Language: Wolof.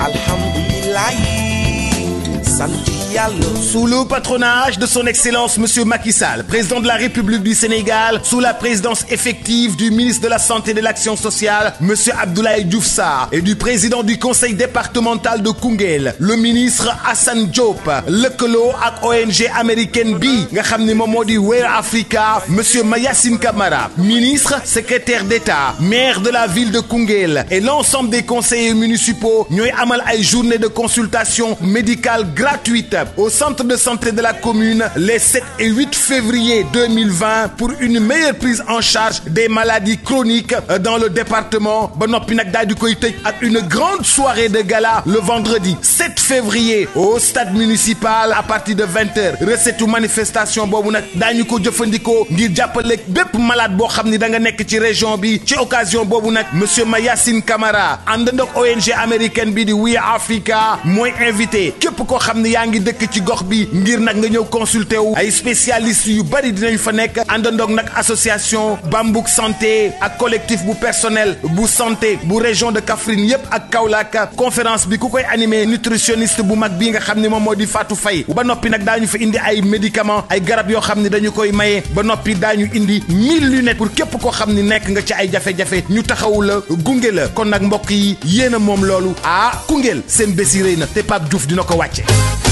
alhamdulilah sant Diallo. Sous le patronage de son excellence monsieur Macky Sall, président de la République du Sénégal, sous la présidence effective du ministre de la Santé et de l'Action sociale, monsieur Abdoulaye Diouf Sarr, et du président du conseil départemental de Koungheul, le ministre Assane Diop lëkkaloo ak ONG américaine bi nga xam ne moom moo di Where Africa monsieur Mayacine Camara ministre secrétaire d'État maire de la ville de Koungheul et l'ensemble des conseillers municipaux ñooy amal ay journée de consultation médicale au centre de santé de la commune les 7 et 8 février 2020 pour une meilleure prise en charge des maladies chroniques euh, dans le département ba noppi nag daal di koy tëj ak une grande soirée de gala le vendredi 7 février au stade municipal à partir de 20 heures recette ou manifestation boobu nag daañu ko jëfandikoo ngir jàppale bépp malade boo xam ni da nga nekk ci région bi ci occasion boobu nag monsieur Mayacine Camara àndandoo ONG américaine bi di We Africa mooy invité képp koo xam ci gox bi ngir nag nga ñëw consulter wu ay spécialistes yu bari dinañ fa nekk àndandoog nag association Bambouk santé ak collectif bu personnel bu santé bu région de Kaffrine yépp ak Kaolack conférence bi ku koy animé nutritionniste bu mag bi nga xam ne moom moo di faatu Faye ba noppi nag daañu fa indi ay médicament ay garab yoo xam ne dañu koy maye ba noppi daañu indi mille lunettes pour képp koo xam ni nekk nga ci ay jafe-jafe ñu taxawu la gunge la kon nag mbokk yi yéen a moom loolu ah Koungheul seen bés yi rëy na te Pape Diouf dina ko wàcce